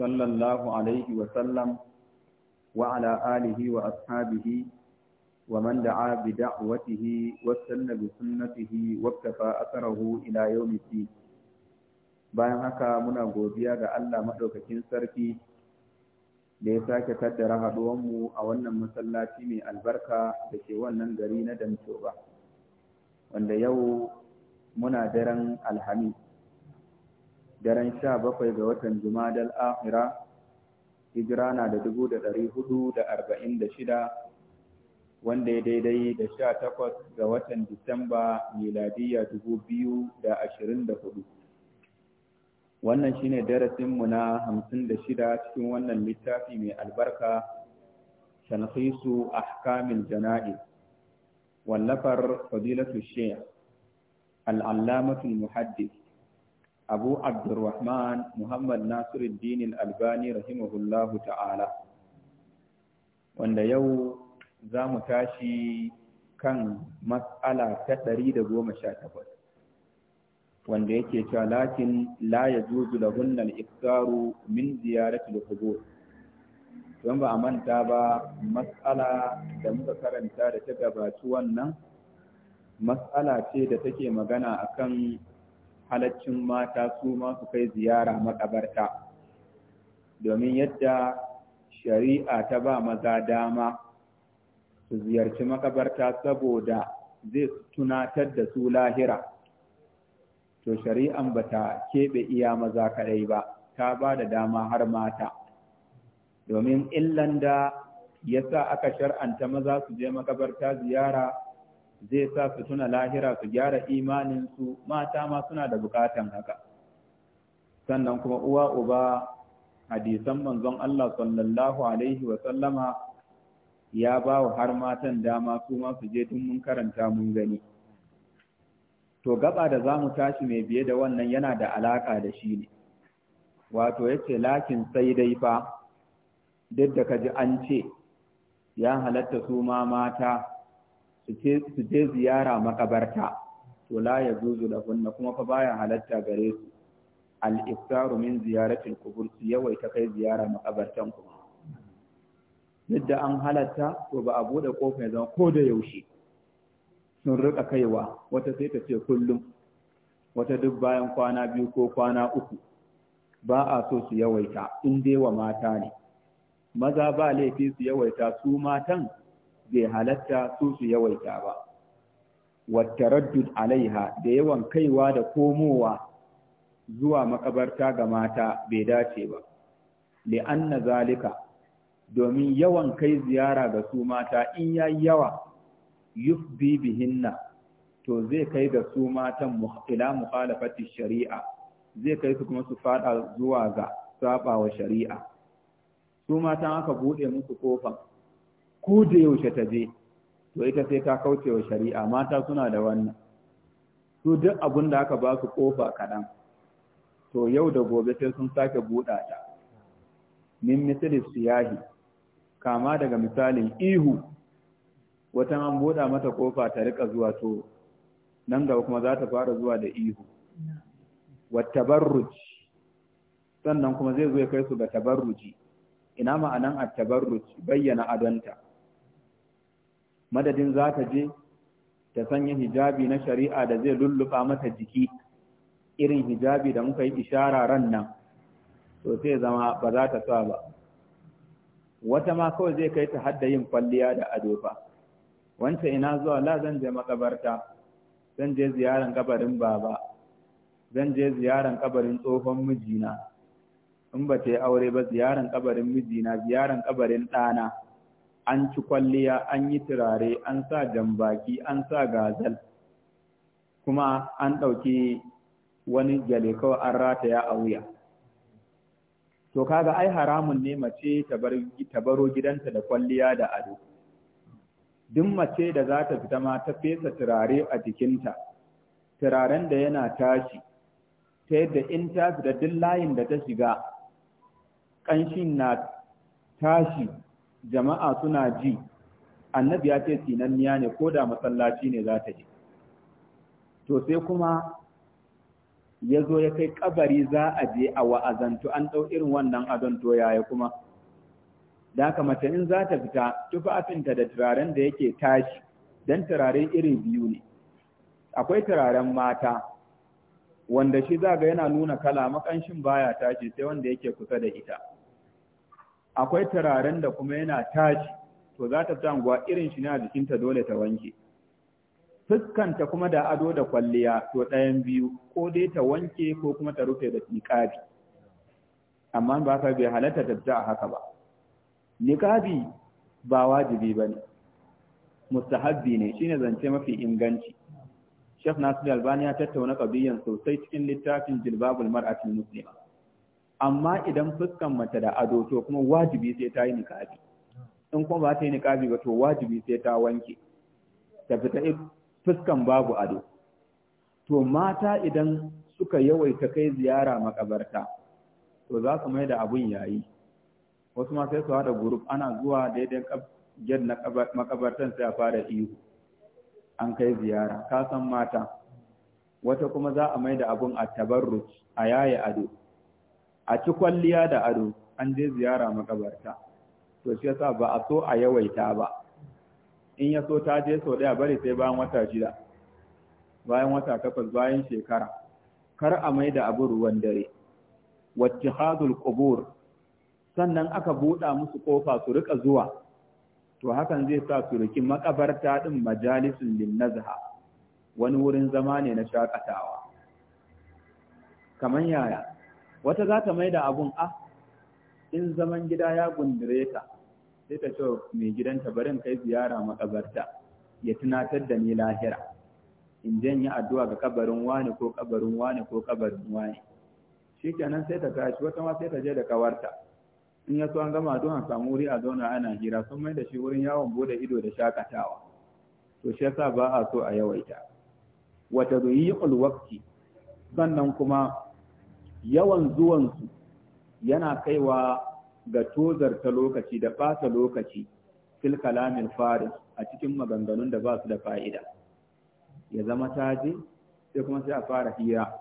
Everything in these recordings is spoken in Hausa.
صلى الله عليه وسلم وعلى آله وأصحابه ومن دعا بدعوته واستنى بسنته واكتفى أثره إلى يوم الدين bayan haka muna godiya ga Allah maɗaukakin sarki da ya sake kaddara haɗuwanmu a wannan masallaci mai albarka da ke wannan gari na damtoba wanda yau muna daren alhamis daren sha bakwai ga watan Jumadal dal'ahira, hijira na da dubu da ɗari hudu da arba'in da shida wanda ya daidai da sha takwas ga watan Disamba miladiya dubu biyu da ashirin da hudu. Wannan shine darasinmu na hamsin da shida cikin wannan littafi mai albarka tanhisu ahkamil jana'i, wallafar fadilatu shekh al'allamatul muhaddis abu abdurrahman muhammad nasiruddin albani rahimahullahu ta'ala wanda yau za mu tashi kan matsala ta ɗari da goma sha takwas wanda yake cewa lakin la ya juzu da hunnan iftaru min da kubo. don ba a manta ba matsala da muka karanta da ta gabaci wannan matsala ce da take magana akan halaccin mata su ma su kai ziyara makabarta domin yadda shari'a ta ba maza dama su ziyarci makabarta saboda zai tunatar da su lahira to shari'an ba ta keɓe iya maza kaɗai ba ta ba da dama har mata domin illan da ya sa aka shar'anta maza su je makabarta ziyara zai sa su tuna lahira su gyara imaninsu mata ma suna da bukatan haka sannan kuma uwa uba hadisan manzon Allah sallallahu alaihi wa sallama ya ba wa har matan dama su ma su je tun mun karanta mun gani to gaba da za mu tashi mai biye da wannan yana da alaka da shi ne wato yace lakin sai dai fa duk da ji an ce ya halatta su ma mata su je ziyara makabarta to la ya zuzu da kunna kuma fa baya halatta gare su al-iftaru min ziyaratil qubur su yawaita kai ziyara makabartan kuma yadda an halatta to ba a bude kofa ya zama ko da yaushe sun rika kaiwa wata sai ta ce kullum wata duk bayan kwana biyu ko kwana uku ba a so su yawaita in dai wa mata ne maza ba laifi su yawaita su matan bai halatta su su yawaita ba wattaraddud alaiha da yawan kaiwa da komowa zuwa makabarta ga mata bai dace ba li'anna zalika domin yawan kai ziyara ga su mata in yayi yawa bibi bihinna to zai kai ga su matan ila mukhalafati shari'a zai kai su kuma su fada zuwa ga sabawa shari'a su matan aka bude musu kofan ko da yaushe ta je to ita sai ta kauce wa shari'a mata suna da wannan su duk abin da aka ba su kofa kaɗan to yau da gobe sai sun sake buɗa ta min misali siyahi kama daga misalin ihu wata an buɗa mata kofa ta rika zuwa to nan gaba kuma za ta fara zuwa da ihu wa tabarruj sannan kuma zai zo ya kai su ga tabarruji ina ma'anan at-tabarruj bayyana adanta madadin za ta je ta sanya hijabi na shari'a da zai lullufa mata jiki irin hijabi da muka yi ishara ran nan to sai zama ba za ta sa ba wata ma kawai zai kai ta hadda yin kwalliya da ado fa wance ina zuwa la zan je makabarta zan je ziyaran kabarin baba zan je ziyaran kabarin tsohon mijina in ba ta yi aure ba ziyaran kabarin mijina ziyaran kabarin ɗana an ci kwalliya an yi turare an sa jambaki an sa gazal kuma an ɗauki wani jale kawai an rataya a wuya to kaga ai haramun ne mace ta baro gidanta da kwalliya da ado duk mace da za ta fita ma ta fesa turare a jikinta turaren da yana tashi ta yadda in ta fita duk layin da ta shiga ƙanshin na tashi jama'a suna ji annabi ya ce sinanniya ne ko da masallaci ne za ta je to sai kuma ya zo ya kai kabari za a je a wa'azantu an ɗau irin wannan adon to yaya kuma da haka mace in za ta fita tufafinta da turaren da yake tashi don turare irin biyu ne akwai turaren mata wanda shi zaga yana nuna kala makanshin baya tashi sai wanda yake kusa da ita akwai turaren da kuma yana tashi to za ta fita anguwa irin shi ne a jikinta dole ta wanke fuskanta kuma da ado da kwalliya to ɗayan biyu ko dai ta wanke ko kuma ta rufe da niƙabi amma ba ka bai halatta ta a haka ba niƙabi ba wajibi ba ne mustahabbi ne shine zance mafi inganci Sheikh Nasir Albani ya tattauna kabiyan sosai cikin littafin Jilbabul Mar'atul Muslima amma idan fuskan mace da ado to kuma wajibi sai ta yi niƙabi in kuma ba ta yi niƙabi ba to wajibi sai ta wanke ta fita fuskan babu ado to mata idan suka yawaita kai ziyara makabarta to za su mai da abun yayi wasu ma sai su haɗa group ana zuwa daidai gyar na makabartan sai a fara ihu an kai ziyara ka san mata wata kuma za a mai da abun a tabarruc a yaye ado a ci kwalliya da ado an je ziyara makabarta to shi yasa ba a so a yawaita ba in ya so ta je sau daya bari sai bayan wata shida bayan wata takwas bayan shekara kar a mai da abu ruwan dare wattihadul qubur sannan aka buɗa musu kofa su rika zuwa to hakan zai sa su riki makabarta din majalisun linnazha wani wurin zama ne na shakatawa kaman yaya wata za ta mai da abun a ah, in zaman gida ya gundure ta sai ta ce mai gidanta barin kai ziyara makabarta ya tunatar da ni lahira in yi addu'a ga kabarin wani ko kabarin wani ko kabarin wani shikenan sai ta tashi wata ma sai ta je da kawarta in ya so an gama addu'a samu wuri a zauna ana hira sun mai da shi wurin yawon bude ido da shakatawa to shi yasa ba a so a yawaita wata zuyi waqti sannan kuma yawan zuwansu yana kaiwa ga tozar ta lokaci da ɓata lokaci fil kalamin faris a cikin maganganun da ba su da fa'ida ya zama taje sai kuma sai a fara hira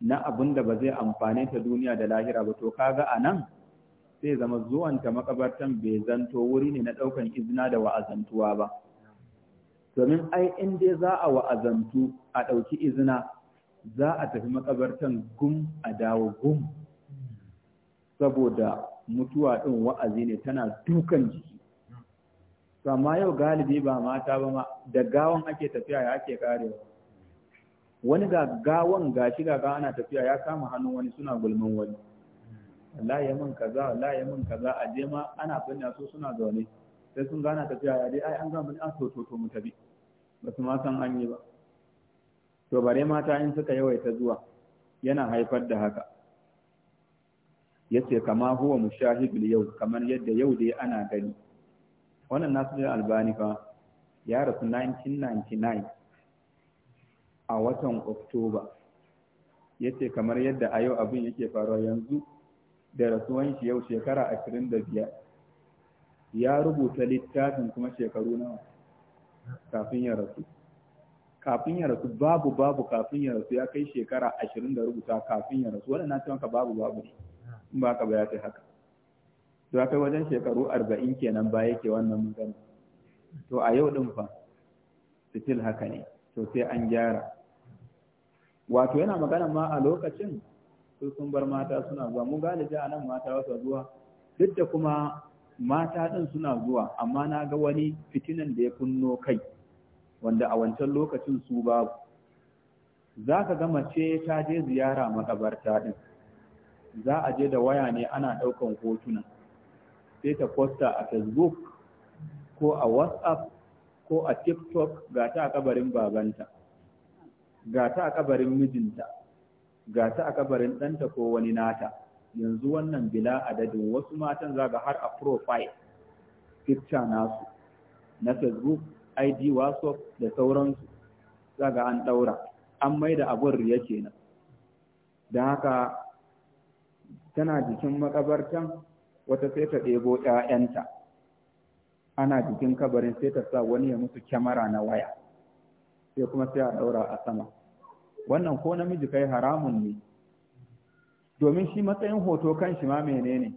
na abin da ba zai amfane ta duniya da lahira ba to kaga a nan sai zama zuwanta makabartan bai zanto wuri ne na ɗaukan izina da wa'azantuwa ba domin ai in dai za a wa'azantu a ɗauki izina za a tafi makabartan gum a dawo gum saboda mutuwa ɗin wa'azi ne tana dukan jiki Sama yau galibi ba mata ba ma da gawon ake tafiya ya ake karewa wani ga gawon ga shi ga ana tafiya ya kama hannun wani suna gulman wani Allah ya min kaza Allah ya min kaza a je ma ana binne su suna zaune sai sun gana tafiya ya dai ai an gama ni an to to mu tabi ba su ma san an yi ba to bare mata in suka yawaita zuwa yana haifar da haka yace kama huwa mushahidul yau kamar yadda yau dai ana gani wannan nasu albani fa ya rasu 1999 a watan oktoba yace kamar yadda a yau abin yake faruwa yanzu da rasuwan shi yau shekara 25 ya rubuta littafin kuma shekaru nawa kafin ya rasu kafin ya rasu babu babu kafin ya rasu ya kai shekara ashirin da rubuta kafin ya rasu waɗannan ce maka babu babu ne in ba ka ba ya kai haka to ya kai wajen shekaru arba'in kenan ba yake wannan magana to a yau din fa sitil haka ne to sai an gyara wato yana magana ma a lokacin su sun bar mata suna zuwa mu galibi a nan mata wasu zuwa duk da kuma mata din suna zuwa amma na ga wani fitinan da ya kunno kai wanda a wancan lokacin su babu za ka ga mace ta je ziyara makabarta din za a je da waya ne ana ɗaukan hotuna sai ta posta a facebook ko a whatsapp ko a tiktok ga ta a kabarin babanta ga ta a kabarin mijinta ga ta a kabarin ɗanta ko wani nata yanzu wannan bila adadin wasu matan zaga har a profile picture nasu na facebook id whatsapp da sauransu zaga an daura an mai da abun riya kenan da haka tana jikin makabartan wata sai ta ɗebo ‘ya'yanta ana jikin kabarin sai ta sa wani ya musu kyamara na waya sai kuma sai a ɗaura a sama wannan ko namiji kai haramun ne domin shi matsayin hoto kan shi ma menene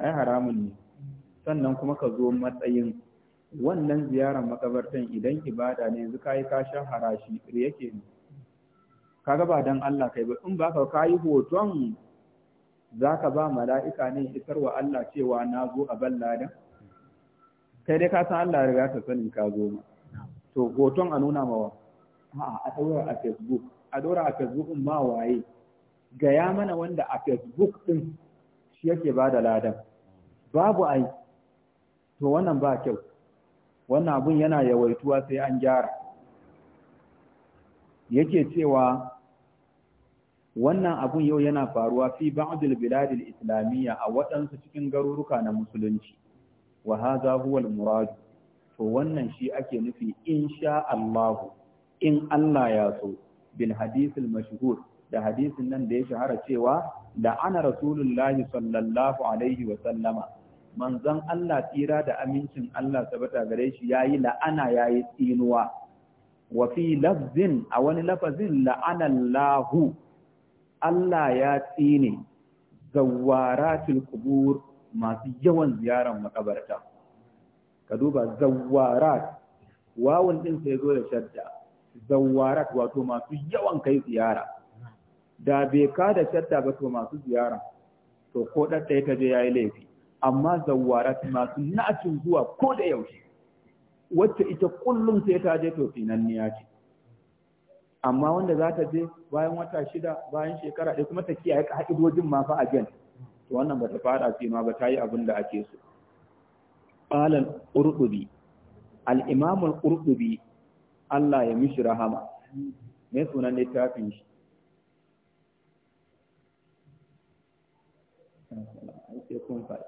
ai haramun ne sannan kuma ka zo matsayin wannan ziyarar makabartan idan ibada ne yanzu kayi ka shan harashi yake ne kaga ba dan Allah kai ba in ba ka kayi hoton zaka ba mala'ika ne isarwa Allah cewa na zo a ballada kai dai ka san Allah riga ka sanin ka zo ma to hoton a nuna mawa a'a a daura a Facebook a daura a Facebook in ma waye gaya mana wanda a Facebook din shi yake bada ladan babu ai to wannan ba kyau wannan abun yana yawaituwa sai an gyara yake cewa wannan abun yau yana faruwa fi ba'dil biladil islamiyya a waɗansu cikin garuruka na musulunci wa hadha huwa al to wannan shi ake nufi insha Allah in Allah ya so bil hadithil mashhur da hadisin nan da ya shahara cewa da ana rasulullahi sallallahu alaihi wa sallama manzon Allah tsira da amincin Allah sabata gare shi yayi la'ana yayi tsinuwa wa fi lafzin a wani lafazin Lahu, Allah ya tsine zawaratul qubur masu yawan ziyaran makabarta ka duba zawarat wawun din sai zo da shadda zawarat wato masu yawan kai ziyara da bai ka da shadda ba to masu ziyara to ko ɗaɗɗaya ta je ya yi laifi amma zawarat masu nacin zuwa ko da yaushe wacce ita kullum sai ta je to niya ce amma wanda za ta je bayan wata shida bayan shekara ɗaya kuma ta kiyaye ka'idojin ma fa gen, to wannan ba ta fara ce ma ba ta yi abin da ake so qala al-qurtubi al Allah ya mishi rahama me sunan littafin shi sai kun faɗi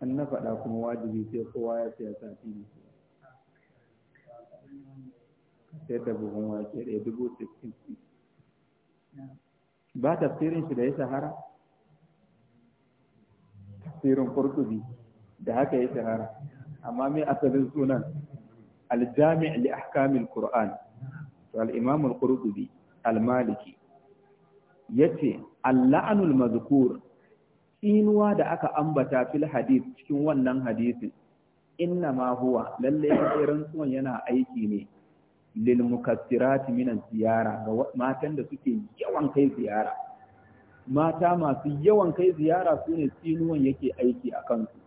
an na faɗa kuma wajibi sai kowa ya saya sati ne sai da buhun wake ɗaya dubu ba tafsirin shi da ya shahara tafsirin kurtubi da haka ya shahara amma mai asalin sunan aljami' li ahkamil qur'an to al-imam al-qurtubi al-maliki yace al-la'nul mazkur tsinuwa da aka ambata fil hadith cikin wannan hadisin inna ma huwa lalle sai rantsuwan yana aiki ne lil mukassirat min ziyara ga matan da suke yawan kai ziyara mata masu yawan kai ziyara sune tsinuwan yake aiki a kansu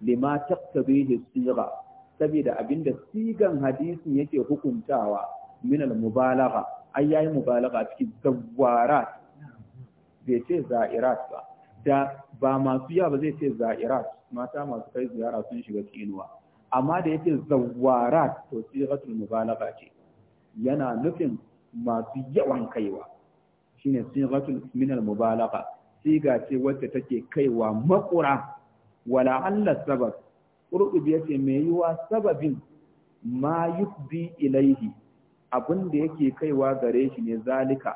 lima taqtabihi siga saboda abinda sigan hadisin yake hukuntawa min al mubalagha ayyai mubalagha cikin zawwarat bai ce za'irat ba da ba masu yawa ba zai ce za'irat mata masu kai ziyara sun shiga tsinuwa amma da yake zawarat to sigatul mubalagha ce yana nufin masu yawan kaiwa shine sigatul min al mubalagha siga ce wacce take kaiwa makura wala alla sabab qurbi yace me yuwa sababin ma yufdi ilaihi abin yake kaiwa gare shi ne zalika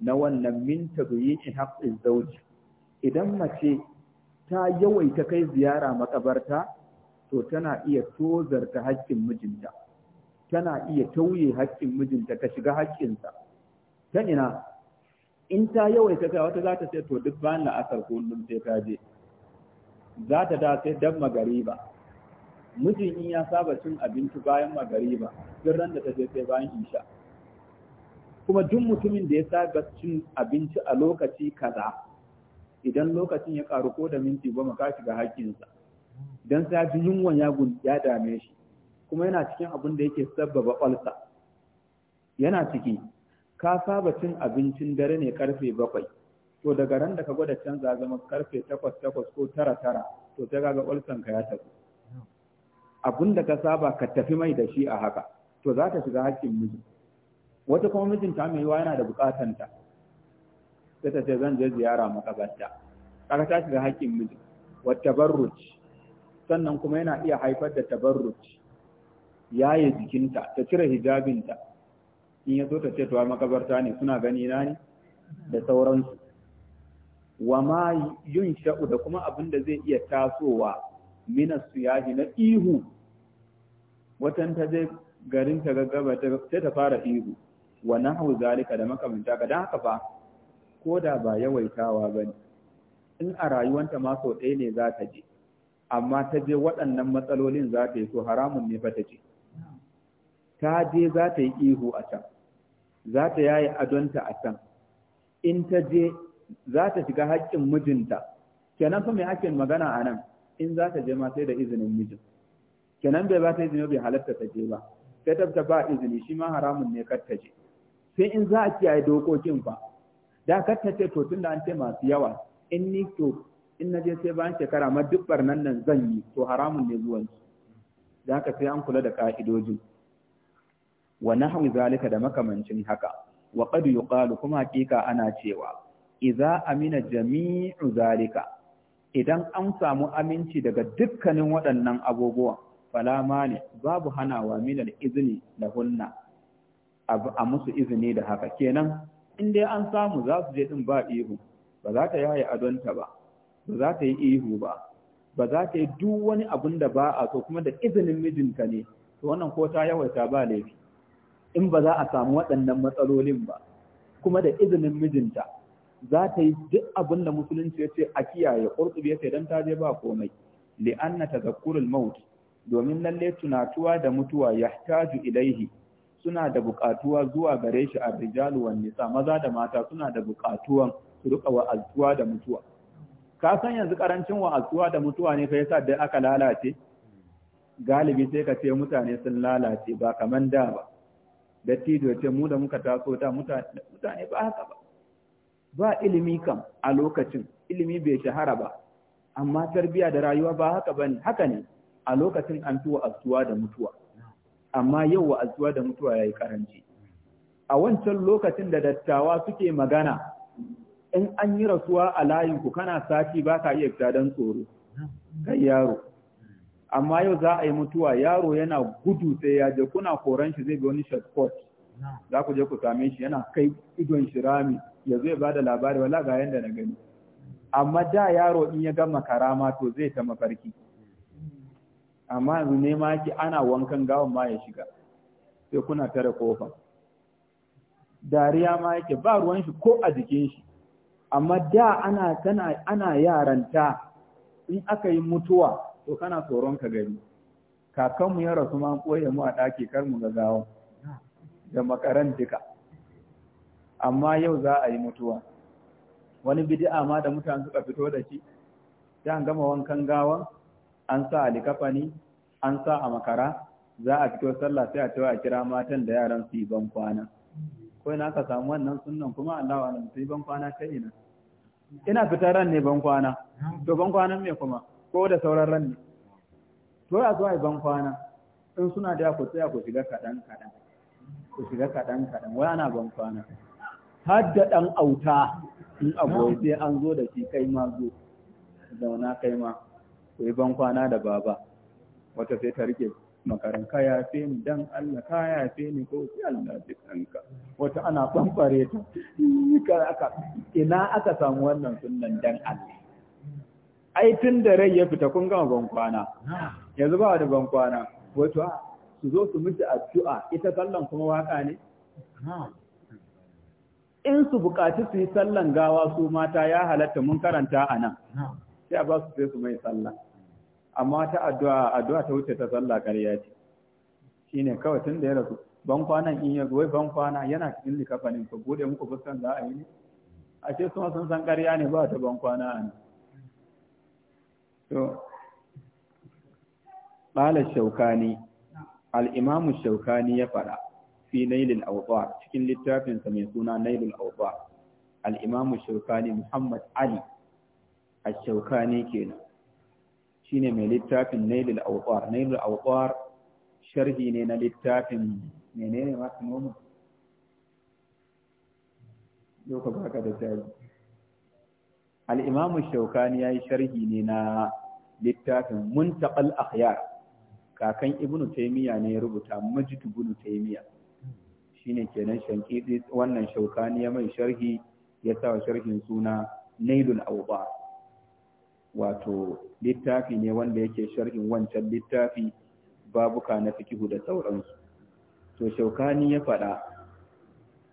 na wannan min tadyi'i haqqi zawji idan mace ta yawaita kai ziyara makabarta to tana iya tozarta haƙƙin mijinta tana iya tauye haƙƙin mijinta ka shiga haƙƙinsa ta ina in ta yawaita kai wata za ta sai to duk bayan la'asar kullum sai ta je za ta da sai dan magariba mijin in ya saba cin abinci bayan magariba duk ran da ta je sai bayan isha kuma duk mutumin da ya saba cin abinci a lokaci kaza idan lokacin ya karu ko da minti goma ka shiga hakkinsa idan sai ji yunwan ya ya dame shi kuma yana cikin abin da yake sabbaba ƙwalsa yana ciki ka saba cin abincin dare ne karfe bakwai to daga ran da ka gwada canza zama karfe takwas takwas ko tara tara to ta gaga ƙwalsan ya tafi abin da ka saba ka tafi mai da shi a haka to za ta shiga hakkin miji wata kuma mijinta mai yana da buƙatanta sai ta ce zan je ziyara makabarta kaga ta shiga haƙƙin miji wa tabarruj sannan kuma yana iya haifar da tabarruj yaye jikinta ta cire hijabinta in ya zo ta ce to makabarta ne suna gani na ne da sauransu wa ma yun sha'u da kuma abin da zai iya tasowa minas suyahi na ihu watan ta je garin ta gaggaba sai ta fara ihu wa nahu zalika da makamanta ka dan haka fa ko da ba yawaitawa ba ne in a rayuwanta ma sau ɗaya ne za ta je amma ta je waɗannan matsalolin za ta yi so haramun ne fa ta je ta je za ta yi ihu a can za ta yaye adonta a can in ta je za ta shiga haƙƙin mijinta kenan fa mai haƙƙin magana a nan in za ta je ma sai da izinin mijin kenan bai ba ta izini bai halatta ta je ba sai ta ba izini shi ma haramun ne kar ta je sai in za a kiyaye dokokin fa da kar ta ce to tunda an ce masu yawa in ni to in na je sai bayan shekara ma duk barnan nan zan yi to haramun ne zuwan su da ka sai an kula da ka'idoji wa nahu zalika da makamancin haka wa qad yuqalu kuma hakika ana cewa idza amina jami'u zalika idan an samu aminci daga dukkanin waɗannan abubuwa fala mani babu hanawa min izini izni lahunna a musu izini da haka kenan in dai an samu za su je din ba ihu ba za ta yaye adonta ba ba za ta yi ihu ba ba za ta yi duk wani abun da ba a so kuma da izinin mijinta ne to wannan ko ta yawaita ba laifi in ba za a samu waɗannan matsalolin ba kuma da izinin mijinta za ta yi duk abin da musulunci ya ce a kiyaye ƙurtubi ya ce don ta je ba komai li'anna zakkurul maut domin lalle tunatuwa da mutuwa ya yahtaju ilaihi suna da buƙatuwa zuwa gare shi a rijalu wa nisa maza da mata suna da buƙatuwa su riƙa wa'azuwa da mutuwa ka san yanzu karancin wa'azuwa da mutuwa ne fa yasa da aka lalace galibi sai ka ce mutane sun lalace ba kaman da ba tido ce mu da muka taso da mutane ba haka ba ba ilimi kam a lokacin ilimi bai shahara ba amma tarbiya da rayuwa ba haka ba haka ne a lokacin an fi wa'azuwa da mutuwa amma yau azuwa da mutuwa yayi karanci a wancan lokacin da dattawa suke magana in an yi rasuwa a layinku kana sati ba ka iya fita don tsoro kai yaro amma yau za a yi mutuwa yaro yana gudu sai ya je kuna koran shi zai ga wani shortcut za ku je ku same shi yana kai idon shi rami ya zo ya bada labari wala ga yanda na gani amma da yaro in ya gama karama to zai ta mafarki amma yanzu nema yake ana wankan gawan ma ya shiga sai kuna tare kofa dariya ma yake ba ruwan shi ko a jikin shi amma da ana tana ana yaranta in aka yi mutuwa to kana tsoron ka gani kakanmu ya rasu ma koye mu a ɗaki kar mu ga gawan da makaran duka amma yau za a yi mutuwa wani bid'a ma da mutane suka fito da shi dan gama wankan gawan an sa a likafani an sa a makara za a fito sallah sai a cewa a kira matan da yaran su yi ban kwana ko ina ka samu wannan sunnan kuma Allah wa su ban kwana ta ina ina fitar ran ne ban kwana to ban kwanan me kuma ko da sauran ran ne to a zo a yi ban kwana in suna da ku tsaya ku shiga kaɗan kaɗan ku shiga kaɗan kaɗan wai ana ban kwana har da ɗan auta in abu sai an zo da shi kai ma zo zauna kai ma ku yi ban kwana da baba wata sai ta rike makarin kaya fi ni dan Allah kaya fi ni ko fi Allah fi kanka wata ana bambare ta aka ina aka samu wannan sunan dan Allah ai tun da rai ya fita kun gama ban kwana yanzu ba da ban kwana wato su zo su miji addu'a ita sallan kuma waka ne in su bukaci su yi sallan gawa su mata ya halatta mun karanta a nan sai a ba su sai su mai sallan amma ta addu'a addu'a ta wuce ta sallah ƙarya ce shine kawai tun da ya rasu ban kwanan in ya wai ban kwana yana cikin likafanin ka bude muku fuskan za a yi a ce suma sun san ƙarya ne ba ta ban kwana a to qala shaukani al shaukani ya fara fi nailil awdar cikin littafin sa mai suna nailil awdar al shaukani muhammad ali al-shaukani kenan shine mai littafin nailul awqar nailul awqar sharhi ne na littafin menene masu noma yau ka baka da jari al-imam shaukani yayi sharhi ne na littafin muntaqal akhyar kakan ibnu taymiya ne ya rubuta majid ibnu taymiya shine kenan shankidi wannan shaukani ya mai sharhi ya sa sharhin suna nailul awqar wato littafi ne wanda yake sharhin wancan littafi babuka na fikihu da sauransu to shaukani ya faɗa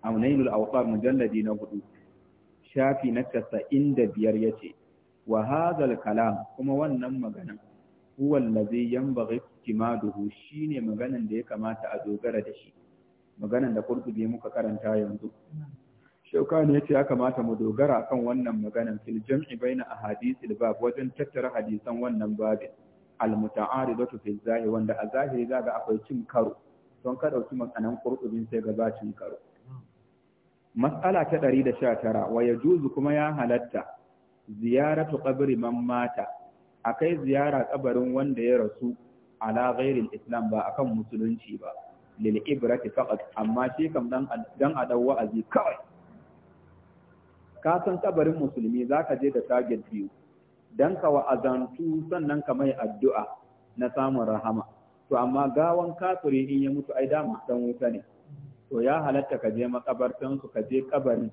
a nailul awqar mujalladi na hudu shafi na casa'in da biyar ya ce wa hazal kalam kuma wannan magana huwa allazi yanbaghi timaduhu shine maganan da ya kamata a dogara da shi maganan da kurtubi muka karanta yanzu shaukani ya ce ya kamata mu dogara kan wannan maganan fil jam'i baina ahadithil bab wajen tattara hadisan wannan babin al muta'aridatu fil zahiri wanda a zahiri za ga akwai cin karo don ka dauki matsanan qur'ubin sai ba cin karo mas'ala ta tara wa juzu kuma ya halatta ziyaratu qabri man mata akai ziyara kabarin wanda ya rasu ala ghairil islam ba akan musulunci ba lil ibrati faqat amma shi kam dan dan a wa'azi kawai ka san kabarin musulmi zaka je da target biyu dan ka wa'azantu sannan ka mai addu'a na samun rahama to amma gawan kafiri in ya mutu ai dama dan wuta ne to ya halatta ka je makabartan ka je kabarin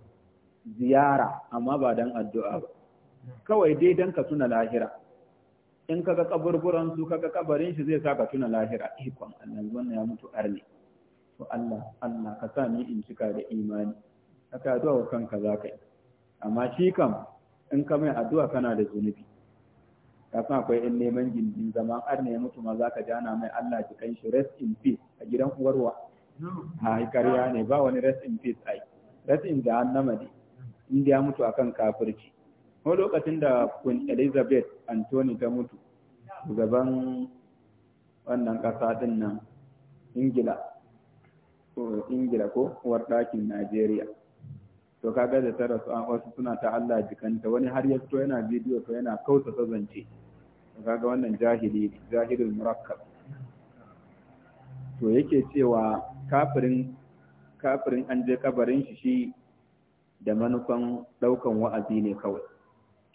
ziyara amma ba dan addu'a ba kawai dai dan ka tuna lahira in kaga kaburburan su kaga kabarin shi zai sa ka tuna lahira ikon Allah wannan ya mutu arne to Allah Allah ka sa ni in cika da imani haka zuwa kanka zakai amma shi kam in ka mai addu'a kana da zunubi kafin akwai in neman gindin zama ar ne mutu ma zaka ji mai Allah ki kanshi shi rest in peace a gidan uwarwa ha kariya ne ba wani rest in peace ai rest in annama ne in da ya mutu akan kafirci ko lokacin da Queen Elizabeth Anthony ta mutu gaban wannan kasa din nan Ingila ko Ingila ko uwar ɗakin Najeriya to kaga da tara su an wasu suna ta Allah jikanta wani har ya fito yana bidiyo to yana kausa zance. to kaga wannan jahili jahilul murakkab to yake cewa kafirin kafirin an je kabarin shi shi da manufan daukan wa'azi ne kawai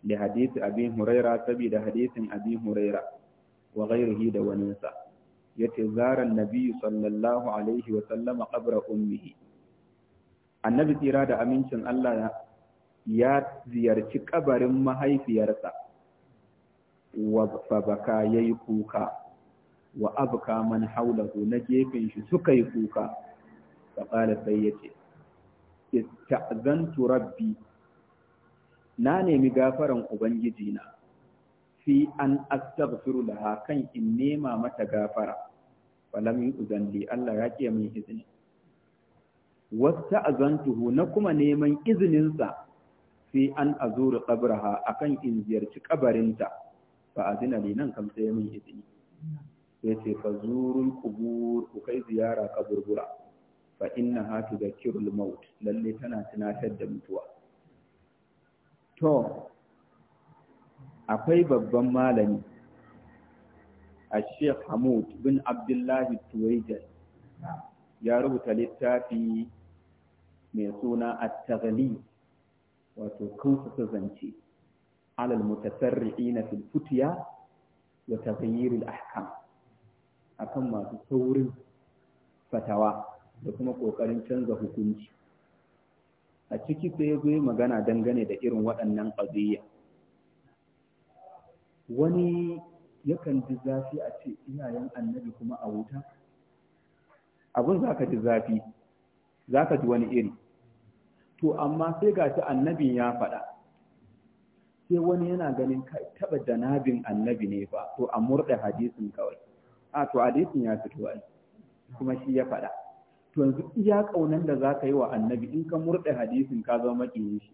da hadisi abin huraira saboda hadisin abin huraira wa ghairihi da waninsa yace zaran nabiyyu sallallahu alaihi wa sallama qabra ummihi annabi tsira da amincin Allah ya ziyarci kabarin mahaifiyarsa wa fabaka ya yi kuka wa abuka man haulahu na gefen shi suka yi kuka faƙalar sai ya ce rabbi na nemi gafaran na. fi an astaghfiru laha kan in nema mata gafara falam yuzan Allah ya ke min izini wata azantuhu na kuma neman izininsa sai an azuru kabraha akan in ziyarci kabarinta fa azina ne nan kam sai min izini sai ce fa zurul qubur ku kai ziyara kaburbura fa innaha tudhakkirul maut lalle tana tunatar da mutuwa to akwai babban malami a Sheikh Hamud bin Abdullahi Tuwaijal ya rubuta littafi mai suna at-taghli wato kausa zance alal mutasarri'ina fil futiya wa taghyiril ahkam akan masu saurin fatawa da kuma kokarin canza hukunci a ciki sai ya magana dangane da irin waɗannan qadiyya wani yakan ji zafi a ce iyayen annabi kuma a wuta abun zaka ji zafi zaka ji wani iri to amma sai ga shi annabin ya faɗa sai wani yana ganin kai taba janabin annabi ne ba, to a murda hadisin kawai a to hadisin ya fito ai kuma shi ya faɗa to yanzu iya kaunan da zaka yi wa annabi in ka murda hadisin ka zama makiyin shi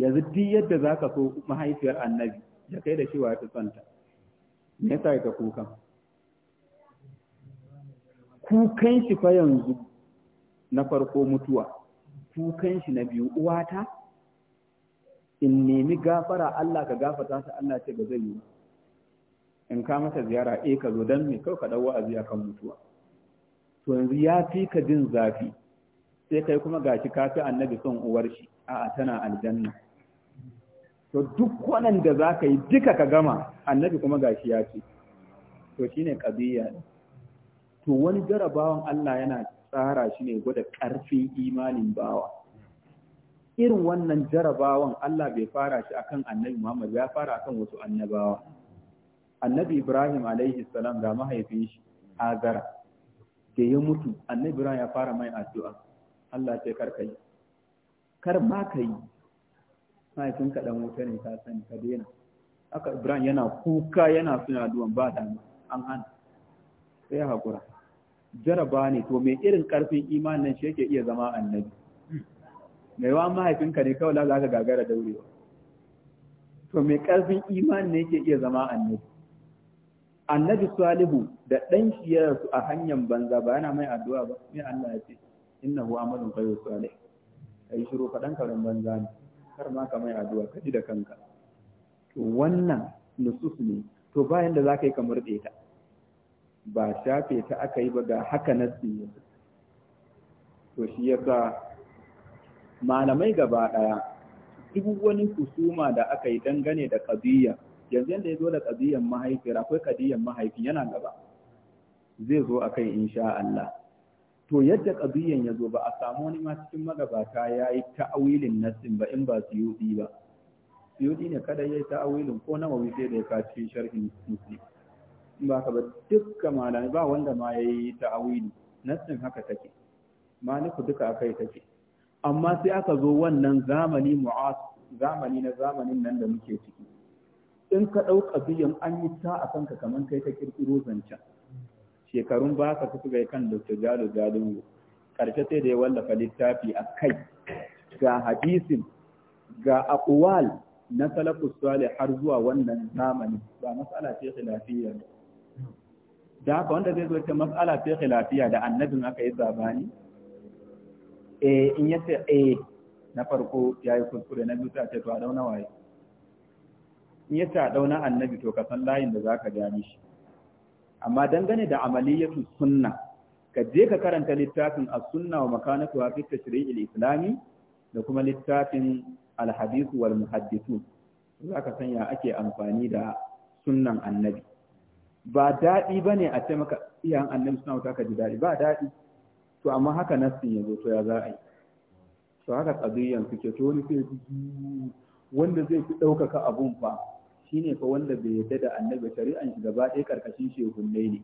yanzu duk yadda zaka so mahaifiyar annabi da kai da cewa ta santa me yasa ka kuka? kukan shi fa yanzu na farko mutuwa kukan shi na biyu uwata in nemi gafara Allah ka gafata ta Allah ce ga zai yi in ka mata ziyara eh ka zo dan me kai ka dawo wa'azi akan mutuwa to yanzu ya fi ka jin zafi sai kai kuma gashi ka fi annabi son uwar shi a'a tana aljanna to duk wannan da za ka yi duka ka gama annabi kuma gashi ya fi to shine qadiyya to wani jarabawan Allah yana tsara shi ne gwada ƙarfin imanin bawa irin wannan jarabawan Allah bai fara shi akan annabi Muhammad ya fara akan wasu annabawa annabi Ibrahim alaihi salam ga mahaifin shi gara da ya mutu annabi Ibrahim ya fara mai addu'a Allah ce kar kai kar ma kai mahaifin ka dan wuta ne ka sani ka daina aka Ibrahim yana kuka yana suna addu'a ba dama an hana sai hakura jaraba ne to mai irin karfin imanin shi yake iya zama annabi mai wa mahaifinka ne kawai za ka gagara daurewa to mai karfin imanin ne yake iya zama annabi annabi salihu da dan shi a hanyar banza ba yana mai addu'a ba mai Allah ya ce innahu amalun ghayru salih kai shiru kadan karin banza ne kar ma ka mai addu'a ka ji da kanka to wannan nusus ne to bayan da ka yi kamar ɗaya ba shafe ta aka yi ba ga haka nassi to shi yasa malamai gaba ɗaya duk wani kusuma da aka yi dangane da kadiyya yanzu yadda ya zo da kadiyyan mahaifi akwai kadiyyan mahaifi yana gaba zai zo a akai insha Allah to yadda kadiyyan ya zo ba a samu wani ma cikin magabata ya yi ta'awilin nassin ba in ba yi ba suyudi ne kada ya yi ta'awilin ko nawa wuce da ya kaci sharhin musulmi ba ka ba duka malami ba wanda ma ya yi ta'awili nassin haka take maliku duka yi take amma sai aka zo wannan zamani mu'as zamani na zamanin nan da muke ciki in ka ɗauka biyan an yi ta a kanka kamar kai ta kirkiro zancen shekarun ba ka kuka kan dr jalo jalo karfe sai da ya wallafa littafi a kai ga hadisin ga aqwal na salafus salih har zuwa wannan zamani ba matsala ce khilafiyya ne da haka wanda zai zo ta matsala ta khilafiya da annabin aka yi sabani eh in ya ce eh na farko ya yi kuskure na biyu ta ce to a dauna waye in ya ce a dauna annabi to ka san layin da za ka gani shi amma dangane da amaliyatu sunna ka je ka karanta littafin as-sunna wa makanatu wa fi tashri'il islami da kuma littafin al-hadith wal muhaddithun za ka san ya ake amfani da sunnan annabi ba daɗi ba ne a ce maka iyayen annabi suna wuta ka ji daɗi ba daɗi to amma haka nassin ya zo to ya za a yi to haka tsadiyan suke to wani sai wanda zai fi ɗaukaka abun fa shine fa wanda bai yadda da annabi shari'an shi gaba ɗaya karkashin shehunnai ne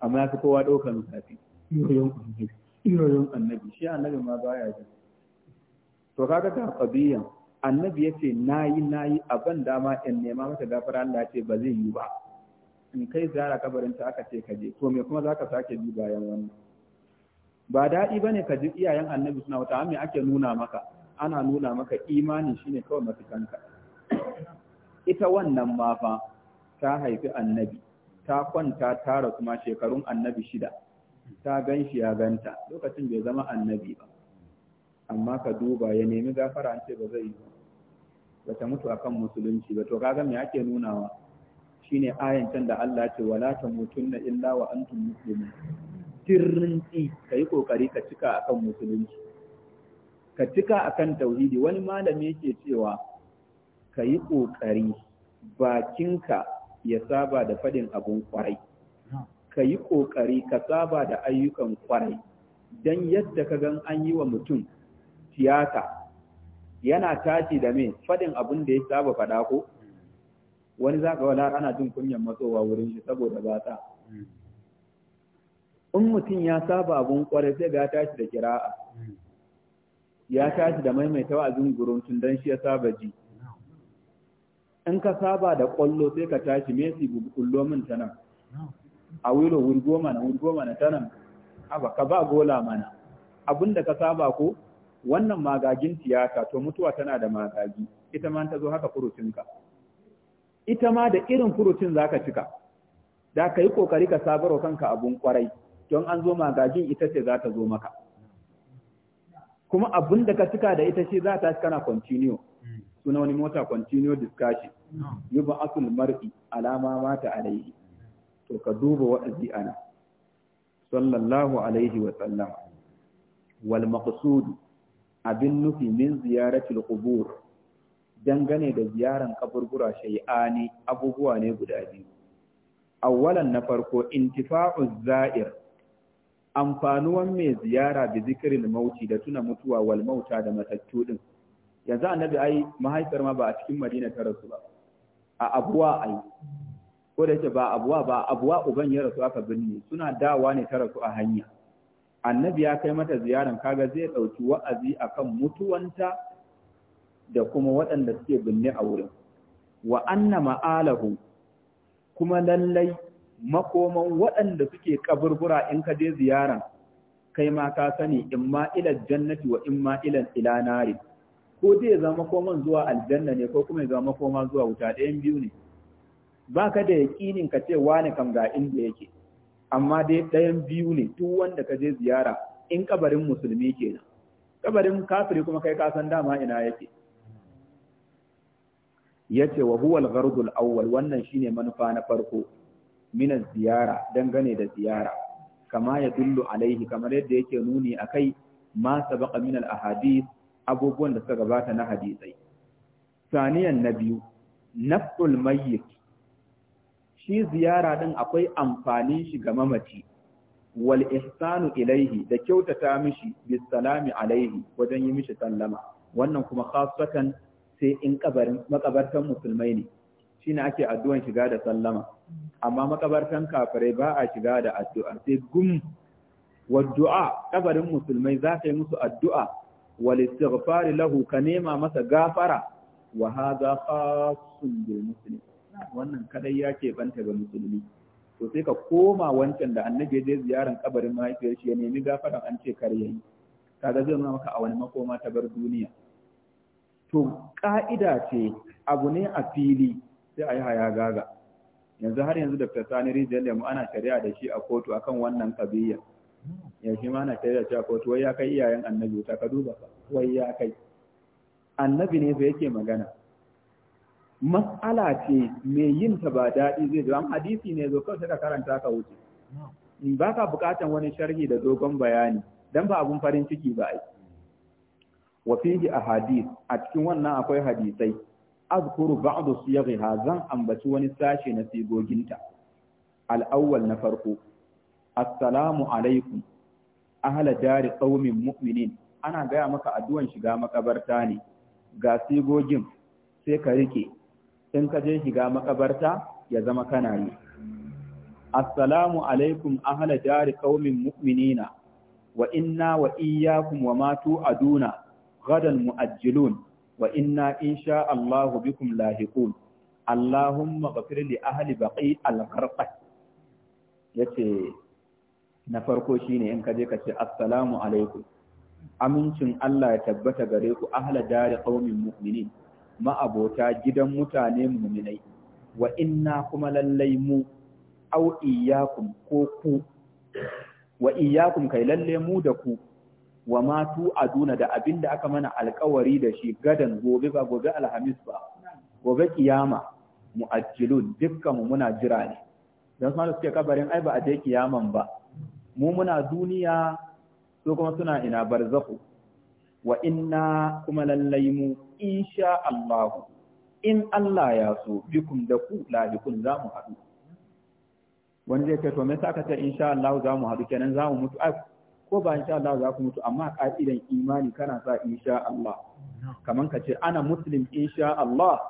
amma ya fi kowa ɗaukan nufafi iyoyin annabi shi annabi ma ba ya ji to kaga ta tsadiyan annabi ya ce na yi na yi abin dama in nema mata gafara Allah ce ba zai yi ba in kai ziyara ta aka ce ka je to me kuma zaka sake bi bayan wannan ba daɗi ba ne ka ji iyayen annabi suna wata me ake nuna maka ana nuna maka imani shine kawai mafitanka ita wannan ma fa ta haifi annabi ta kwanta tara kuma shekarun annabi shida ta gan ya ganta lokacin bai zama annabi ba amma ka duba ya nemi gafara an ce ba zai yi ba ta mutu akan musulunci ba to kaga me ake nunawa shine ayan can da Allah ce wala na illa wa antum muslimun sirrin ka kai kokari ka cika akan musulunci ka cika akan tauhidi wani malami yake cewa kayi kokari bakinka ya saba da fadin abun kwarai ka yi ƙoƙari ka saba da ayyukan kwarai don yadda ka gan an yi wa mutum tiyata yana tashi da me faɗin abun da ya saba faɗa ko wani za ka wala ana jin kunyan matsowa wurin shi saboda batsa in mutum ya saba abun kwarai sai ga tashi da kira'a ya tashi da maimaita wa'azin tun don shi ya saba ji in ka saba da ƙwallo sai ka tashi messi kullo min ta nan a wilo wurgo mana wurgo mana ta nan haba ka ba gola mana Abin da ka saba ko wannan magagin tiyata to mutuwa tana da magagi ita ma ta zo haka furucinka ita ma da irin furucin za ka cika da ka yi ƙoƙari ka sabarwa kanka abun ƙwarai don an zo magajin ita ce za ta zo maka kuma abun da ka cika da ita shi za ta kana continue suna wani mota continue discussion yi ba asul mar'i alama mata alaihi to ka duba wa'azi ana sallallahu alaihi wa sallama wal maqsud abin nufi min ziyaratul qubur dangane da ziyaran kaburbura shay'ani abubuwa ne guda biyu awwalan na farko intifa'u za'ir amfanuwan mai ziyara bi zikirin mauti da tuna mutuwa wal mauta da matattu din yanzu annabi ai mahaifiyar ma ba a cikin madina ta rasu ba a abuwa ai ko da yake ba abuwa ba abuwa uban ya rasu aka binne suna dawa ne ta rasu a hanya annabi ya kai mata ziyaran kaga zai dauki wa'azi akan mutuwanta da kuma waɗanda suke binne a wurin wa anna ma'alahu kuma lallai makoman waɗanda suke kaburbura in ka je ziyara kai ma ka sani in ma ila jannati wa in ma ila ila ko zai zama koman zuwa aljanna ne ko kuma zama koma zuwa wuta ɗayan biyu ne ba ka da yaƙinin ka ce wani kam ga inda yake amma dai ɗayan biyu ne duk wanda ka je ziyara in kabarin musulmi kenan kabarin kafiri kuma kai ka san dama ina yake yace wa huwal gardul awwal wannan shine manufa na farko min ziyara dangane da ziyara kama ya dullu alaihi kamar yadda yake nuni akai ma sabaqa min al-ahadith abubuwan da suka gabata na hadisai saniyan nabiyu biyu mayyit shi ziyara din akwai amfani shi ga mamaci wal ihsanu ilaihi da kyautata mishi bis alaihi wajen yi mishi sallama wannan kuma khasatan sai in kabarin makabartan musulmai ne shine ake addu'an shiga da sallama amma makabartan kafare ba a shiga da addu'a sai gum wa du'a kabarin musulmai za ka yi musu addu'a wal istighfar lahu ka nema masa gafara wa hadha khassun bil musulmi. wannan kadai yake banta ga musulmi to sai ka koma wancan da annabi zai ziyaran kabarin mahaifiyar shi ya nemi gafaran an ce kar yayi kaga zai nuna maka a wani makoma ta bar duniya to ƙa'ida ce abu ne a fili sai a yi haya gaga yanzu har yanzu da sani rijiyar lemu ana shari'a da shi a kotu akan wannan kabiyar ya shi ma ana shari'a shi a kotu wai ya kai iyayen annabi ta ka duba wai ya kai annabi ne fa yake magana mas'ala ce mai yin ta ba daɗi zai zama hadisi ne zo kawai ka karanta ka wuce ba ka bukatan wani sharhi da dogon bayani dan ba abun farin ciki ba ai wa a hadis, a cikin wannan akwai hadisai azkuru ba'du siyaghiha zan ambaci wani sashe na sigoginta al na farko asalamu alaikum ahla dari qaumin ana gaya maka addu'an shiga makabarta ne ga sigogin sai ka rike in ka je shiga makabarta ya zama kana yi Asalamu alaikum ahla dari qaumin mu'minina wa inna wa iyyakum wa ma tu'aduna gadan mu'ajjilun wa inna insha Allahu bikum lahiqun Allahumma ghafir li ahli baqi al-gharqat yace na farko shine in ka je ka ce assalamu alaikum amincin Allah ya tabbata gare ku ahla dari qaumin mu'minin ma'abota gidan mutane mu'minai wa inna kuma lallai mu au iyyakum kai lalle mu da ku wa matu aduna da abin da aka mana alkawari da shi gadan gobe ba gobe alhamis ba gobe kiyama mu'ajjilun dukkan mu muna jira ne dan su suke kabarin ai ba a je kiyaman ba mu muna duniya so kuma suna ina barzahu wa inna kuma lallai mu insha Allah in Allah ya so bikum da ku lahikun za mu haɗu wani zai ce to me saka ta insha Allah za mu haɗu kenan za mu mutu ai ko ba insha Allah za ku mutu amma ka'idan imani kana sa insha Allah kaman ka ce ana muslim insha Allah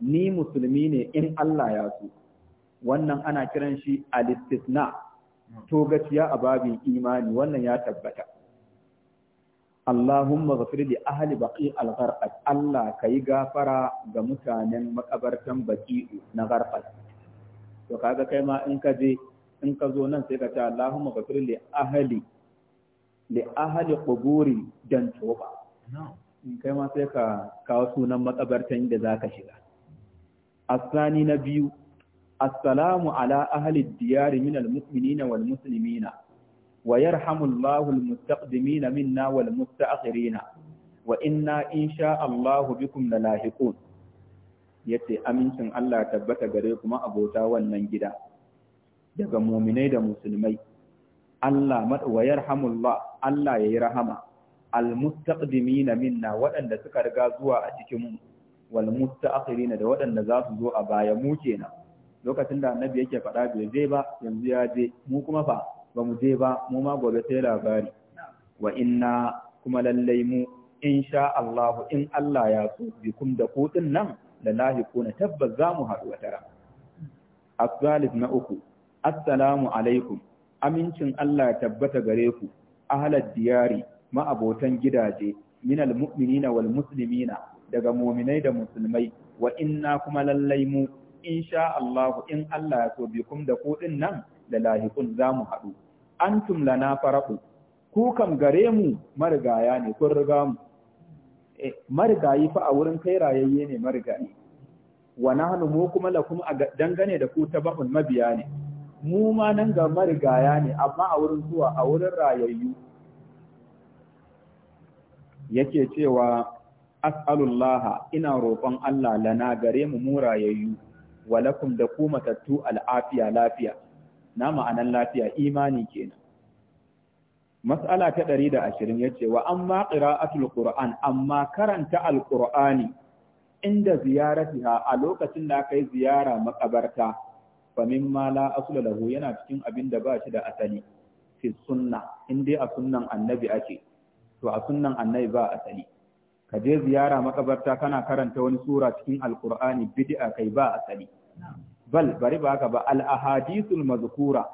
ni musulmi ne in Allah ya so wannan ana kiran shi al-istisna to gaciya a babin imani wannan ya tabbata Allahumma ghafir li ahli baqi al gharqat Allah kai gafara ga mutanen makabartan baqi na gharqat to kaga kai ma in ka je in ka zo nan sai ka ce Allahumma ghafir li ahli li ahli quburin dan toba in kai ma sai ka kawo sunan matsabartan da zaka shiga asani na biyu assalamu ala ahli diyar min almu'minina wal muslimina wa yarhamu Allahu almustaqdimina minna wal musta'khirina wa inna insha Allahu bikum lalahiqun yace amincin Allah tabbata gare kuma abota wannan gida daga mu'minai da musulmai Allah wa yarhamullah Allah yayi rahama na minna waɗanda suka riga zuwa a cikin mu wal mustaakhirina da waɗanda za su zo a baya mu kenan lokacin da annabi yake faɗa bai je ba yanzu ya je mu kuma fa ba mu je ba mu ma gobe sai labari wa inna kuma lallai mu sha Allah in Allah ya so bikum da kudin nan da lahikuna tabbas za mu haɗu wa tara. Assalif na uku, Assalamu alaikum, amincin Allah ya tabbata gare ku ahlad diyari ma'abotan gidaje minal mu'minina wal muslimina daga mu'minai da musulmai wa inna kuma lallai mu insha Allah in Allah ya so bikum da ku nan da lahikun zamu haɗu antum lana faraku ku kam gare mu marigaya ne kun riga mu eh, marigayi fa a wurin kai rayayye ne marigayi wa nahnu mu kuma lakum dangane da ku tabahun mabiya ne mu ma nan ga marigaya ne amma a wurin zuwa a wurin rayayyu yake cewa as'alullaha ina roƙon Allah lana gare mu mu rayayyu wa lakum da ku matattu al'afiya lafiya na ma'anan lafiya imani kenan mas'ala ta 120 yace wa amma qira'atul qur'an amma karanta alqur'ani inda ziyaratiha a lokacin da kai ziyara makabarta fa ma la asla lahu yana cikin abin da ba shi da asali fi sunna in dai a sunnan annabi ake to a sunnan annabi ba asali ka je ziyara makabarta kana karanta wani sura cikin alqur'ani bid'a kai ba asali bal bari ba haka ba al ahadithul mazkura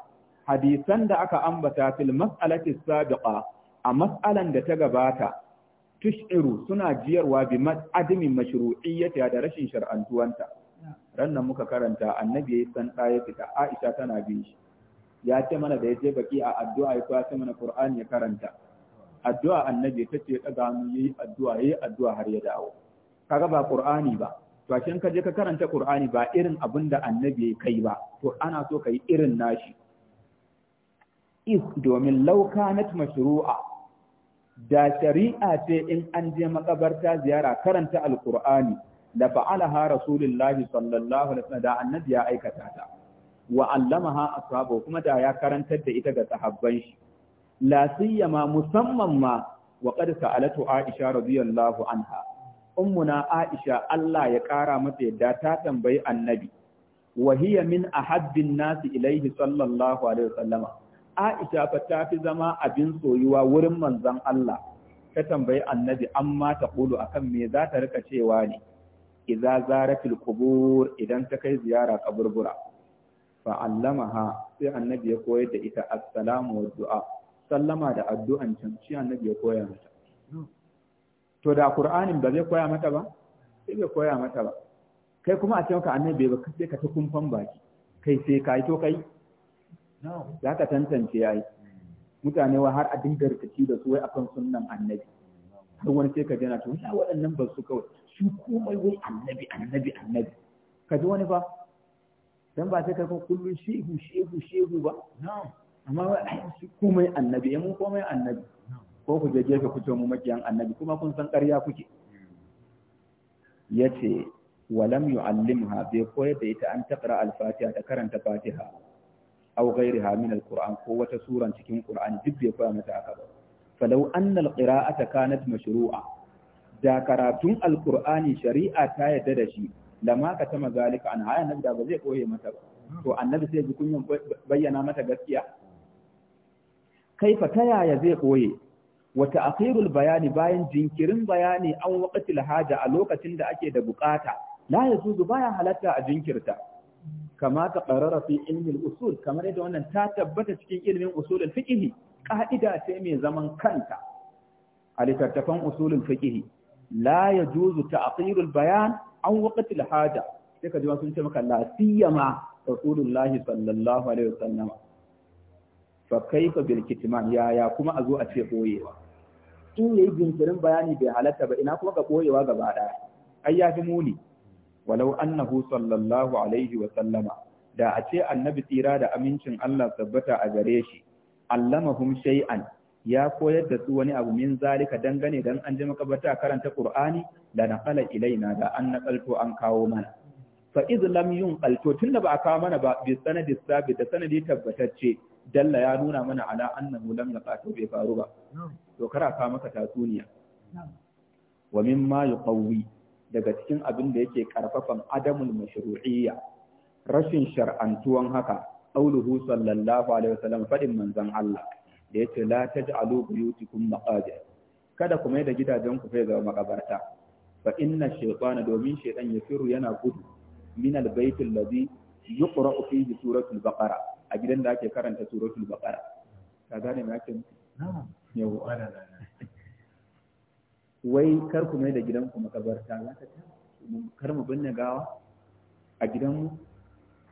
hadisan da aka ambata fil mas'alati sabiqa a mas'alan da ta gabata tushiru suna jiyarwa bi admin mashru'iyyata da rashin shar'antuwanta ran nan muka karanta annabi ya yi san ya fita aisha tana bin shi ya ce mana da ya je baki a addu'a ya kwace mana qur'ani ya karanta addu'a annabi ta ce daga hannu yayi addu'a yayi addu'a har ya dawo kaga ba qur'ani ba to ashe ka je ka karanta qur'ani ba irin abin da annabi ya kai ba to ana so ka yi irin nashi is domin law kanat mashru'a da shari'a ce in an je makabarta ziyara karanta alqur'ani da fa'alaha rasulullahi sallallahu alaihi da annabi ya aikata ta wa ha ashabu kuma da ya karantar da ita ga sahabban shi la ma musamman ma wa qad alatu aisha radiyallahu anha ummuna aisha Allah ya kara mata yadda ta tambayi annabi wa hiya min ahabbin nasi ilaihi sallallahu alaihi sallama. Aisha fa ta fi zama abin soyuwa wurin manzon Allah ta tambayi annabi amma ta ƙulu akan me za ta rika cewa ne Iza zaratil qubur idan ta kai ziyara kaburbura fa allamaha sai annabi ya koyar da ita assalamu wa du'a sallama da addu'an can shi annabi ya koya mata to da qur'anin ba zai koya mata ba sai bai koya mata ba kai kuma a ce ka annabi ba sai ka ta kumfan baki kai sai kai to kai za ka tantance yayi mutane wa har a dinga rikici da su wai akan sunnan annabi har wani sai ka jana to ya waɗannan ba su kawai shi komai wai annabi annabi annabi ka ji wani ba dan ba sai ka kullun shehu shehu shehu ba amma wai shi komai annabi yan eh, komai annabi ko ku je gefe ku ce mu makiyan annabi kuma kun san ƙarya kuke yace walam yu'allimha bai koyar da ita an taqra al-fatiha ta karanta fatiha aw ghayriha min al-qur'an ko wata suran cikin qur'ani duk bai koya mata haka ba falau anna al-qira'ata kanat mashru'a da karatun alkur'ani shari'a ta yadda da shi ma ka tama zalika an haya da ba zai koye mata ba to annabi sai ji kunyan bayyana mata gaskiya kaifa ta yaya zai koye wata ta'khirul bayani bayan jinkirin bayani an waqtil haja a lokacin da ake da bukata la yazuzu baya halatta a jinkirta kama ta qarara fi ilmi usul kamar yadda wannan ta tabbata cikin ilmin al fiqh ka'ida ce mai zaman kanta a littattafan usulul fiqh la yajuzu ta'khirul bayan an waqti al-haja sai ka ji sun ce maka la siyama rasulullahi sallallahu alaihi wasallam fa kaifa bil kitman ya ya kuma a zo a ce boyewa in yayi jinkirin bayani bai halarta ba ina kuma ga boyewa gaba daya ai ya fi muni walau annahu sallallahu alaihi wasallama da a ce annabi tsira da amincin Allah tabbata a gare shi allamahum shay'an ya koyar da su wani abu min zalika dangane dan an je makabarta karanta Qur'ani da naqala ilaina da an naqalto an kawo mana fa iz lam yunqal tunda ba a kawo mana ba bi sanadi sabit da sanadi tabbatacce dalla ya nuna mana ala annahu lam yaqatu bai faru ba to kara ka maka tasuniya wa mimma yuqawi daga cikin abin da yake karfafan adamul mashru'iyya rashin shar'antuwan haka qauluhu sallallahu alaihi wasallam fadin manzon Allah da yace la taj'alu buyutikum maqaja kada ku mai da gidajen ku fa zama makabarta fa inna shaytana domin shaytan yafiru yana gudu min albayt alladhi yuqra fihi suratul baqara a gidan da ake karanta suratul baqara ka gane me ake na'am yau ana wai kar ku mai da ku makabarta za ka ta kar mu binne gawa a gidanmu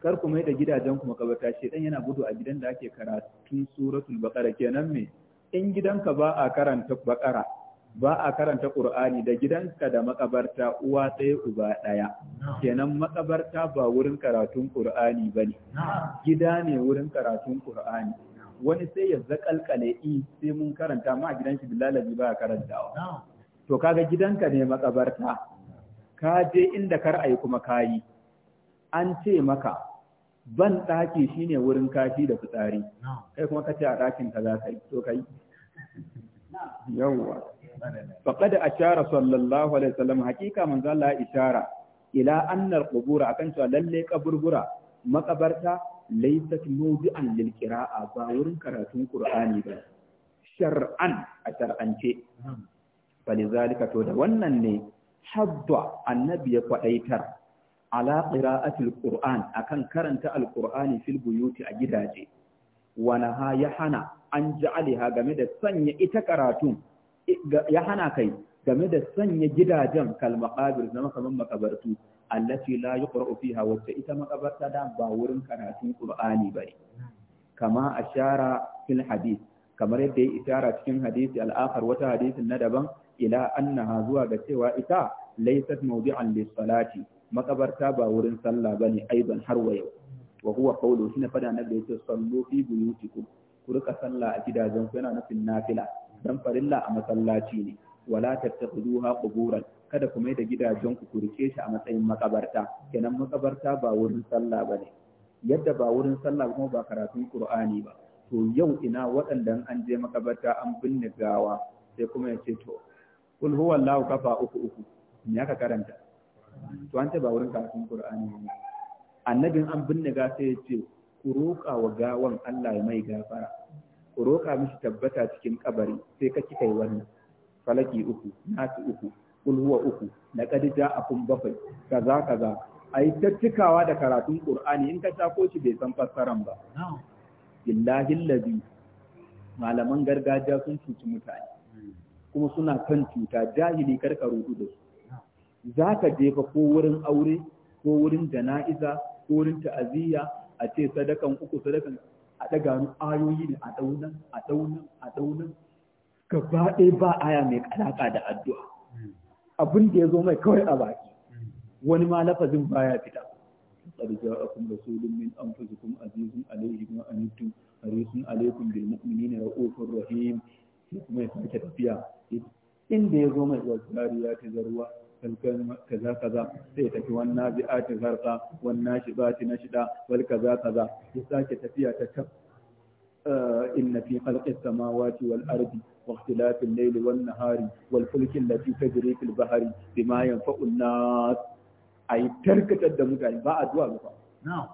kar ku mai da gidajen ku makabarta dan yana gudu a gidan da ake karatun suratul baqara kenan me in gidanka ba a karanta baqara ba a karanta qur'ani da gidanka da makabarta uwa ɗaya uba ɗaya kenan makabarta ba wurin karatun qur'ani bane gida ne wurin karatun qur'ani wani sai ya zakalkale i sai mun karanta ma gidan shi bilalabi ba karantawa to kaga gidanka ne makabarta ka je inda kar ayi kuma kayi an ce maka ban ɗaki shine wurin kashi da fitsari kai kuma kace a ɗakin ka za ka yi to kai yawwa faqad ashara sallallahu alaihi wasallam hakika man zalla ishara ila annal qubur akan cewa lalle kaburbura makabarta laysat mawdi'an lil qira'a ba wurin karatun qur'ani ba shar'an a shar'ance falizalika to da wannan ne hadda annabi ya faɗaitar. ala qira'atil qur'an akan karanta alqur'ani fil buyuti a gidaje wa naha ya hana an ja'aliha game da sanya ita karatun ya hana kai game da sanya gidajen kalmaqabir zama kaman makabartu allati la yuqra'u fiha wacce ita makabarta da ba wurin karatun qur'ani bane kama ashara fil hadith kamar yadda ya ishara cikin hadisi al'akar wata hadisin na daban ila annaha zuwa ga cewa ita laysat mawdi'an lis-salati makabarta ba wurin sallah bane aiban har wa yau wa huwa qawlu shine fada na yace sallu fi buyutikum ku rika sallah a gidajen ku yana nufin nafila dan farilla a masallaci ne wala tattakhuduha quburan kada ku mai da gidajen ku ku rike shi a matsayin makabarta kenan makabarta ba wurin sallah bane yadda ba wurin sallah kuma ba karatun qur'ani ba to yau ina waɗanda an je makabarta an binne gawa sai kuma ya ce to kul huwallahu kafa uku uku me aka karanta to an taba wurin karatun Qur'ani ne annabin an binne sai ya ce ku roƙa wa gawan Allah ya mai gafara ku roƙa mishi tabbata cikin kabari sai ka kika yi wannan falaki uku nasu uku kulhuwa uku na kadija a kun kaza kaza a tattikawa da karatun Qur'ani in ka ko shi bai san fassaran ba billahi ladhi malaman gargajiya sun cuci mutane kuma suna kan cuta jahili karka rudu da su za ka je ko wurin aure ko wurin jana'iza ko wurin ta'aziyya a ce sadakan uku sadakan a ɗaga ayoyi ne a daunan a daunan a daunan gaba ɗaya ba aya mai alaƙa da addu'a abin da ya zo mai kawai a baki wani ma lafazin baya fita قد جاءكم رسول من أنفسكم عزيز عليه ما أنتم حريص عليكم بالمؤمنين رؤوف رحيم sai kuma ya sake tafiya inda ya zo mai ya ta zarwa kaza kaza sai tafi wannan bi'ati harqa wannan shibati na shida wal kaza kaza ya sake tafiya ta tab eh, inna fi khalqis samawati wal ardi واختلاف الليل والنهار والفلك التي تجري في البحر بما ينفع الناس اي تركتر da mutane ba addu'a ba na'am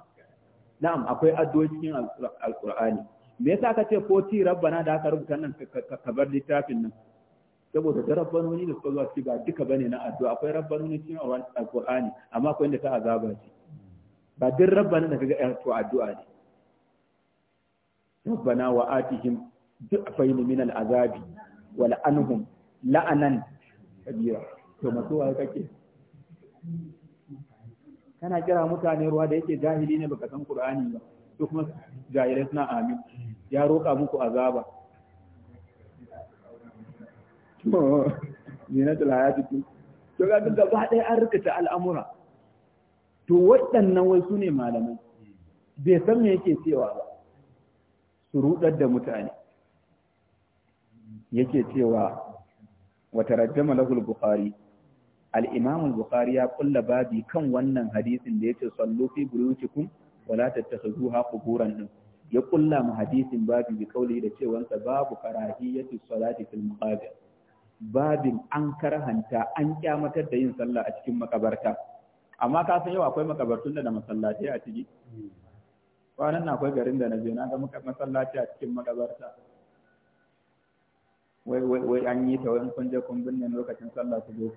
na'am akwai addu'o'i cikin alqur'ani me yasa ka ce ko ti rabbana da aka rubuta nan ka bar littafin nan saboda da rabbanoni da suka zuwa ciki ba duka bane na addu'a akwai rabbanoni cikin alqur'ani amma akwai inda ta azaba ce ba duk rabbanin da kaga to addu'a ne rabbana wa atihim du'afain min al'azabi wal anhum la'anan kabira to wa kake kana kira mutane ruwa da yake jahili ne baka san qur'ani ba to kuma jahilai suna amin ya roka muku azaba zinatul hayati to ga duk gaba ɗaya an rikata al'amura to waɗannan wai su ne malamai bai san me yake cewa ba su rudar da mutane yake cewa wata rajjama malakul bukhari Al'imamul bukhari ya kulla babi kan wannan hadisin da yace sallu fi buyutikum wala haku buran din ya kulla ma hadisin babi bi kauli da cewansa babu ce salati fil muqabir babin an karhanta an kyamatar da yin sallah a cikin makabarta amma ka san yau akwai makabartun da masallaci a ciki kwanan na akwai garin da na je na ga masallaci a cikin makabarta wai wai wai an yi ta wani kun je kun binne lokacin sallah su zo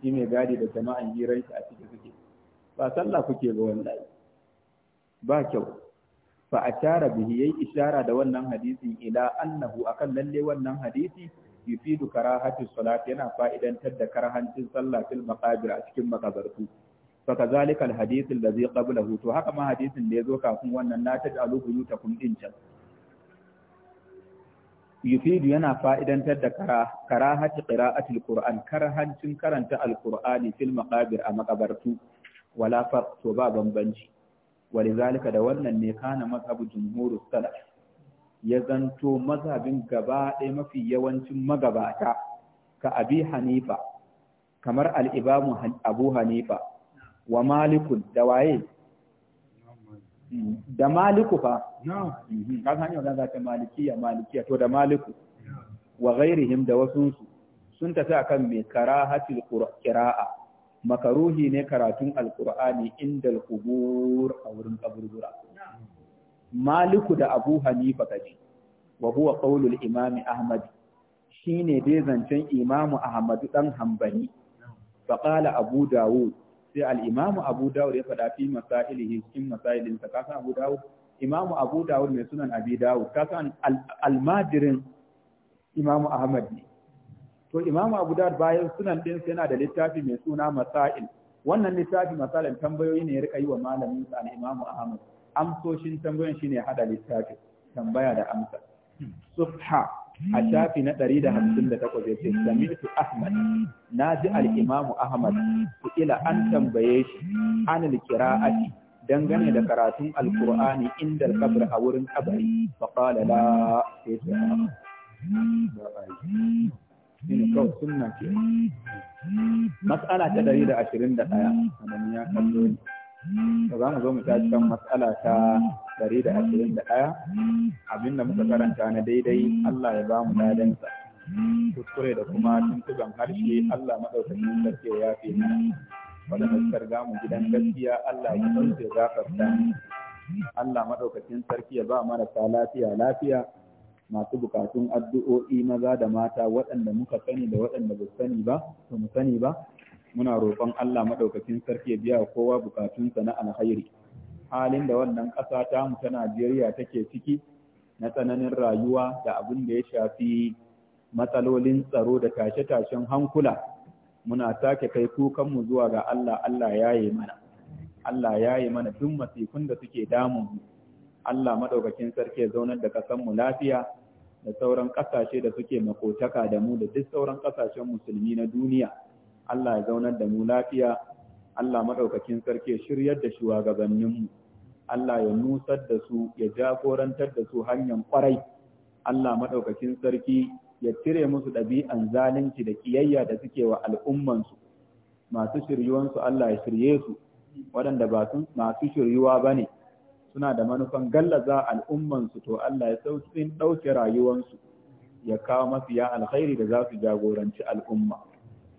shi mai gadi da jama'an hirar shi a ciki suke ba sallah kuke ba wallahi ba kyau fa ashara bihi yayi isharar da wannan hadisin ila annahu akan lalle wannan hadisi yufidu karahatu salat yana fa'idantar da karhancin sallah fil maqabir a cikin makabartu fa kazalika al hadith allazi qablahu to haka ma hadisin da yazo kafin wannan la taj'alu buyutakum din can yufidu yana fa'idantar da karahati qira'atil qur'an karhancin karanta alqur'ani fil maqabir a makabartu wala farq to ba bambanci ولذلك da wannan ne kana mazhabu jumhurus ya zanto mazhabin gaba ɗaya mafi yawancin magabata ka abi hanifa kamar al'ibamu abu hanifa wa malikun da waye da maliku fa mhm. kan hanyar za ta malikiya malikiya to da maliku wa ghairihim da wasunsu sun tafi a kan mai karahatil kira'a makaruhi ne karatun alqur'ani inda al'ubur a wurin ƙaburbura maliku da abu hanifa kaji wa huwa qaulul imami ahmad shine dai zancen imamu ahmadu ɗan hambani. fa abu dawud sai Al'imamu abu dawud ya faɗa fi masailihi cikin masa'ilinsa. sa kasan abu dawud imamu abu dawud mai sunan abi dawud kasan al-madirin imamu ahmad ne to imamu abu dawud bayan sunan din sai yana da littafi mai suna masail wannan littafi masalan tambayoyi ne ya rika yi wa malamin sa al ahmad amsoshin tambayoyin shine hada littafi tambaya da amsa Subha a shafi na 158 ce, sami'tu ahmad naji al-imam ahmad ku ila an tambaye shi an al-qira'ati dangane da karatun al-qur'ani inda al-qabr a wurin kabari fa qala la sai ta shine kawai sunna ce mas'ala ta 121 ya kallo ne da za mu zo mu tashi kan matsala ta 121 da da muka karanta na daidai Allah ya ba mu dadansa kuskure da kuma tuntuban harshe Allah maɗaukacin sarki ya fi mana wanda fuskar gamu gidan gaskiya Allah ya sauke gafarta Allah maɗaukacin sarki ya ba marasa lafiya lafiya masu bukatun addu'o'i maza da mata waɗanda muka sani da waɗanda ba sani ba mu sani ba muna roƙon Allah madaukakin sarki ya biya kowa bukatunsa na alkhairi halin da wannan ƙasa ta mu ta Najeriya take ciki na tsananin rayuwa da abin da ya shafi matsalolin tsaro da tashe-tashen hankula muna sake kai kukan mu zuwa ga Allah Allah yi mana Allah yi mana duk masifin da suke damun Allah madaukakin sarki ya zaunar da mu lafiya da sauran ƙasashe da suke makotaka da mu da duk sauran ƙasashen musulmi na duniya Allah ya zaunar da mu lafiya Allah maɗaukakin sarki ya shiryar da shugabanninmu Allah ya nusar da su ya jagorantar da su hanyar kwarai Allah madaukakin sarki ya cire musu ɗabi'an zalunci da ƙiyayya da suke wa al'ummansu masu shiryuwansu Allah ya shirye su waɗanda ba su masu shiryuwa ba ne suna da manufan gallaza al'ummansu to Allah ya sauƙin ɗauke rayuwansu ya kawo mafiya alkhairi da za su jagoranci al'umma.